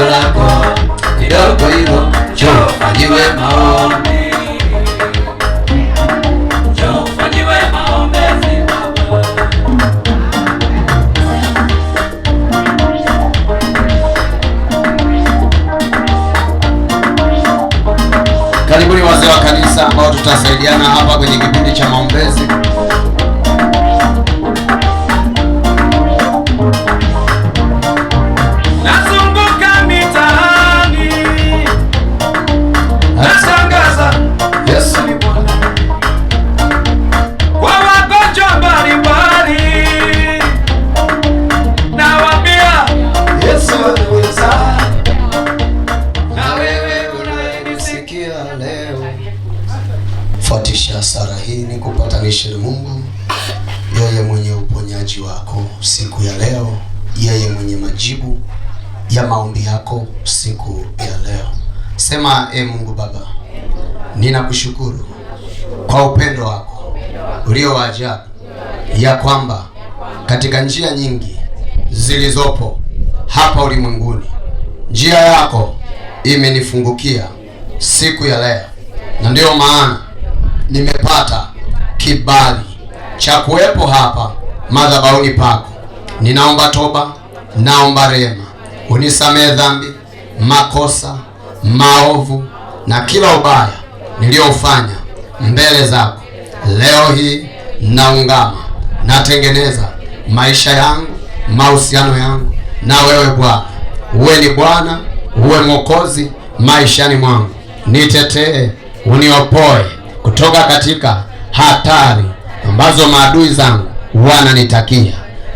funzo lako kidogo hilo, njoo fanyiwe maombi, wazee wa kanisa ambao tutasaidiana hapa kwenye kipindi cha maombezi. kufuatisha hasara hii ni kupatanisha na Mungu, yeye mwenye uponyaji wako siku ya leo, yeye mwenye majibu ya maombi yako siku ya leo. Sema e Mungu Baba, ninakushukuru kwa upendo wako ulio wa ajabu, ya kwamba katika njia nyingi zilizopo hapa ulimwenguni, njia yako imenifungukia siku ya leo, na ndiyo maana nimepata kibali cha kuwepo hapa madhabahuni pako. Ninaomba toba, naomba rehema, unisamehe dhambi, makosa, maovu na kila ubaya niliyofanya mbele zako. Leo hii naungama, natengeneza maisha yangu, mahusiano yangu na wewe Bwana. Uwe ni Bwana, uwe Mwokozi maishani mwangu, nitetee, uniopoe kutoka katika hatari ambazo maadui zangu wananitakia.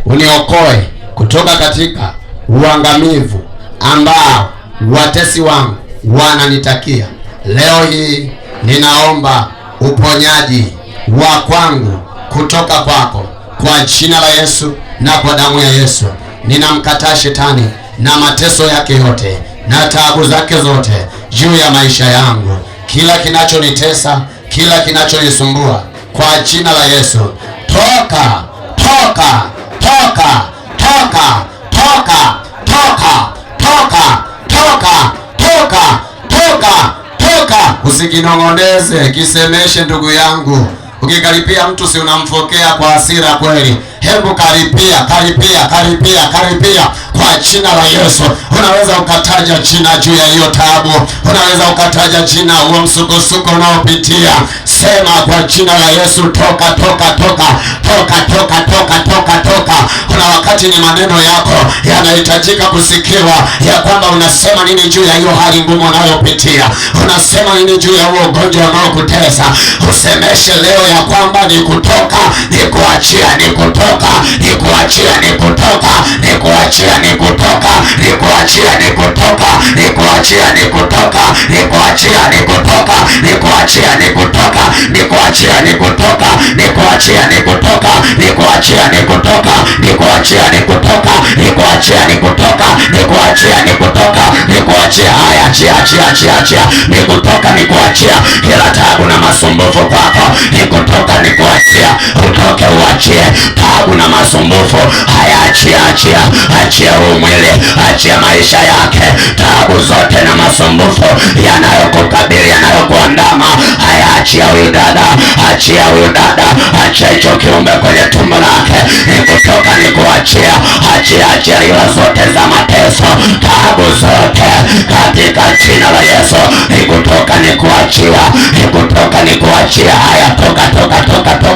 Uniokoe kutoka katika uangamivu ambao watesi wangu wananitakia. Leo hii ninaomba uponyaji wa kwangu kutoka kwako kwa jina la Yesu na kwa damu ya Yesu. Ninamkataa shetani na mateso yake yote na taabu zake zote juu ya maisha yangu, kila kinachonitesa kila kinachonisumbua kwa jina la Yesu, toka toka toka toka toka toka toka toka toka toka toka. Usikinong'oneze, kisemeshe ndugu yangu. Ukikaripia mtu si unamfokea kwa hasira kweli? Hebu karipia, karipia, karipia, karipia kwa jina la Yesu. Unaweza ukataja jina juu ya hiyo taabu, unaweza ukataja jina huo msukosuko unaopitia, sema kwa jina la Yesu, toka toka toka toka toka toka toka toka. Kuna wakati ni maneno yako yanahitajika kusikiwa, ya kwamba unasema nini juu ya hiyo hali ngumu unayopitia, unasema nini juu ya huo ugonjwa unaokutesa. Usemeshe leo ya kwamba ni kutoka, ni kuachia, ni kutoka, ni kuachia, ni kutoka nikuachia nikutoka nikuachia nikutoka nikuachia nikutoka nikuachia nikutoka nikuachia nikutoka nikuachia nikutoka nikuachia nikutoka nikuachia nikutoka nikuachia nikutoka nikuachia nikutoka nikuachia nikutoka nikuachia haya, achia, achia, achia, achia, nikutoka, nikuachia kila tabu na masumbufu kwako, nikutoka, nikuachia utoke, uachie tabu na masumbufu haya, achia, achia, achia huu achia maisha yake, tabu zote na masumbufu yanayokukabili yanayokuandama achia huyu dada, achia huyu dada, achia hicho kiumbe kwenye tumbo lake, nikutoka nikuachia, achia, achia ila zote za mateso, taabu zote katika jina la Yesu, nikutoka nikuachia, nikutoka nikuachia. Haya, toka toka toka toka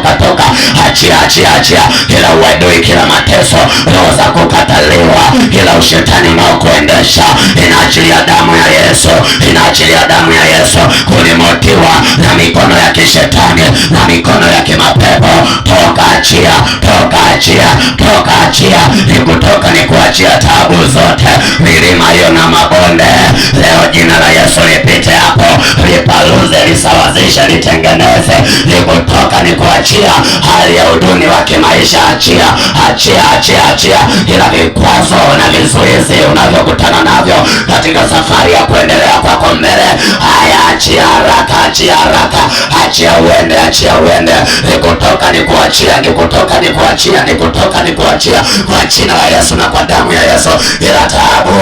achia, achia, achia kila uadui, kila mateso, roho za kukataliwa, kila ushetani unaokuendesha, inaachilia damu ya Yesu, inaachilia damu ya Yesu. Kulimotiwa na mikono ya kishetani na mikono ya kimapepo, toka, achia, toka, achia, toka, achia. Ni kutoka ni kuachia tabu zote, milima hiyo na mabonde, leo jina la Yesu lipite lipaluze, lisawazishe, litengeneze, nikutoka, nikuachia hali ya uduni wa kimaisha. Achia, achia, achia, achia ila vikwazo na vizuizi unavyokutana navyo katika safari ya kuendelea kwako achia haraka, achia haraka, achia uende, achia uende, nikutoka nikuachia, nikutoka nikuachia, nikutoka nikuachia, kwa jina la Yesu na kwa damu ya Yesu, ila taabu,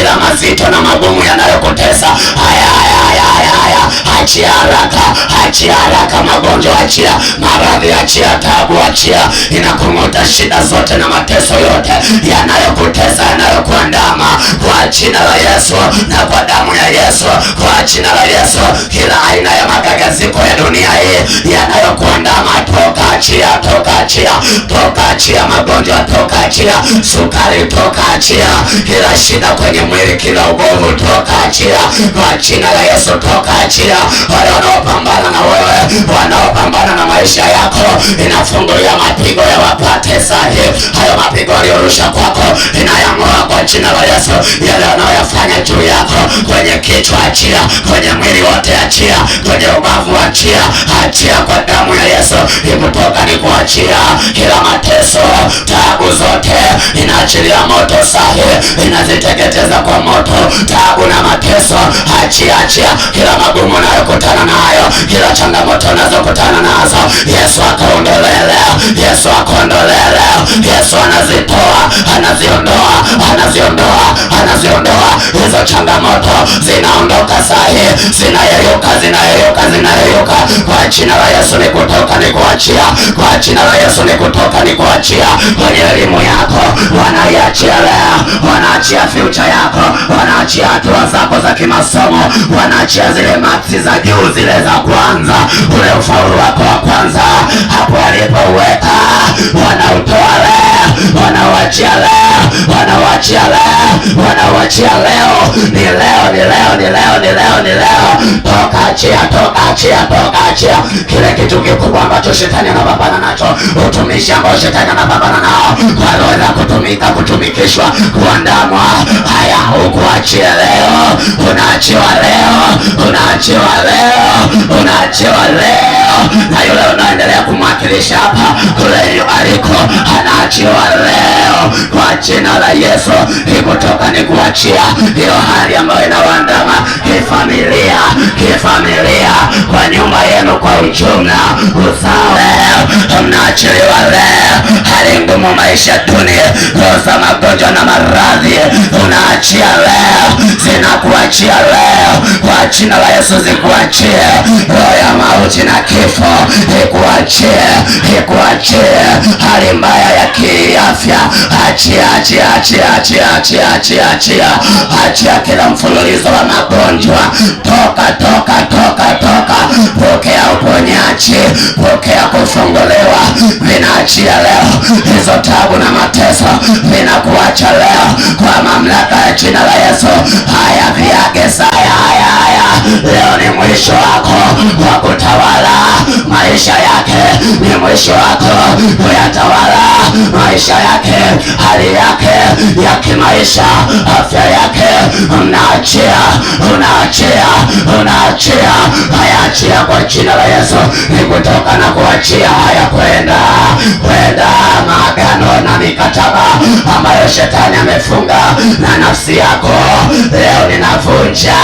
ila mazito na magumu yanayokutesa haya haya haya haya, achia haraka, achia haraka, magonjwa achia, maradhi achia, taabu achia, inakung'uta shida zote na mateso yote yanayokutesa yanayokuandama, kwa jina la Yesu na kwa damu ya Yesu, kwa jina la Yesu Yesu, kila aina ya magagaziko ya dunia hii yanayokuandama toka achia, toka achia, toka achia, magonjwa toka achia, sukari toka achia, kila shida kwenye mwili, kila ugomvi toka achia, kwa jina la Yesu toka achia. Wale wanaopambana na wewe, wanaopambana na maisha yako, inafungulia mapigo ya wapate sahi. Hayo mapigo aliyorusha kwako inayang'oa kwa jina la Yesu, yale wanaoyafanya juu yako, kwenye kichwa achia, kwenye mwili yote achia kwenye ubavu, achia, achia kwa damu ya Yesu imetoka, ni kuachia kila mateso, taabu zote inaachilia moto sahi, inaziteketeza kwa moto, taabu na mateso achia, achia kila magumu unayokutana nayo, kila changamoto unazokutana nazo, Yesu akaondolee Yesu akaondolee Yesu anazitoa, anaziondoa, anaziondoa, anaziondoa hizo changamoto, zinaondoka sahi zina zinayoyuka zinayoyuka zinayoyuka kwa jina la Yesu nikutoka nikuachia, kwa jina la Yesu nikutoka nikuachia. kwenye elimu yako wanaiachia leo, wanaachia future yako, wanaachia hatua zako za kimasomo, wanaachia zile maksi za juu zile za kwanza, ule ufaulu wako wa kwanza hapo alipoweka wanautoa leo wanawachia leo, wanawachia leo, wanawachia leo. Ni leo, ni leo, ni leo, ni leo, ni leo. Toka achia, toka achia, toka achia kile kitu kikubwa ambacho shetani anapambana nacho, utumishi ambao shetani anapambana nao, waloweza kutumika, kutumikishwa, kuandamwa. Haya, ukuachia leo, unaachiwa leo, unaachiwa leo, unaachiwa leo na yule unaendelea kumwakilisha hapa, yule aliko anaachiwa leo kwa jina la Yesu. ikutoka ni kuachia hiyo hali ambayo inawaandama kifamilia, kifamilia, kwa nyumba yenu kwa ujumla, uzao leo mnaachiliwa leo unaodumu maisha roho za magonjwa na maradhi unaachia leo, zinakuachia leo kwa jina la Yesu, zikuachie roho ya mauti na kifo, ikuachie ikuachie hali mbaya ya kiafya, achia achia achia achia achia achia achia achia, kila mfululizo wa magonjwa toka toka toka toka kutoka. Pokea uponyaji, pokea kufunguliwa. Vinaachia leo hizo tabu na mateso, vinakuacha leo kwa mamlaka ya jina la Yesu. Haya viage saya, haya haya, leo ni mwisho wako wa kutawala maisha yake, ni mwisho wako kuyatawala maisha yake, hali yake ya kimaisha, afya yake. Unaachia, unaachia, unaachia, hayaachia kwa jina la Yesu, ni kutoka na kuachia haya kwenda ambayo shetani amefunga na nafsi yako. Leo ninavunja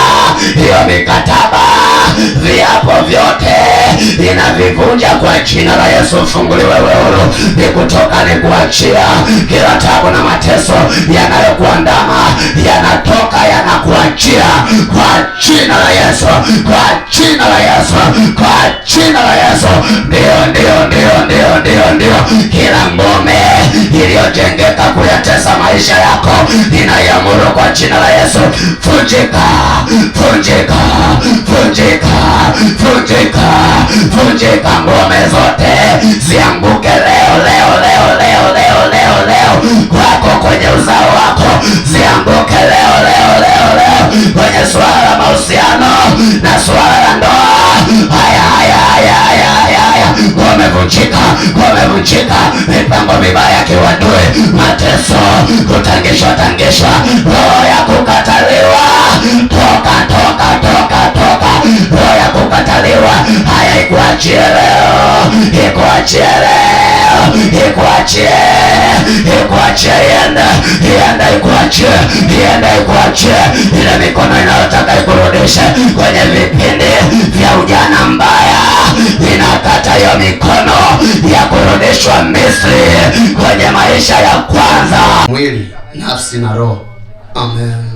hiyo mikataba, viapo vyote ninavivunja kwa jina la Yesu. Mfunguliwe wewe, nikutoka kuachia kila tabu na mateso yanayokuandama yana njia kwa jina la Yesu, kwa jina la Yesu, kwa jina la Yesu. Ndio, ndio, ndio, ndio, ndio, ndio. Kila ngome iliyojengeka kuyatesa maisha yako inayamuru kwa jina la Yesu, vunjika, vunjika, vunjika, vunjika, vunjika. Ngome zote zianguke leo, leo, leo, leo, leo, leo, leo kwako, kwenye uzao wako zianguke kwenye swala la mahusiano na swala la ndoa. Haya, haya, haya, haya, haya, wamevunjika, wamevunjika, mipango mibaya kiwadue, mateso, kutangishwa tangishwa, roho ya kukataliwa, toka, toka, toka, toka, roho ya kukataliwa. Haya, ikuachie leo, ikuachie leo, ikuachie, ikuachie, iende, iende, iku iende ienekuache ile mikono inayotaka ikurudishe kwenye vipindi vya ujana mbaya, inakata hiyo mikono ya kurudishwa Misri kwenye maisha ya kwanza, mwili, nafsi na roho. Amen.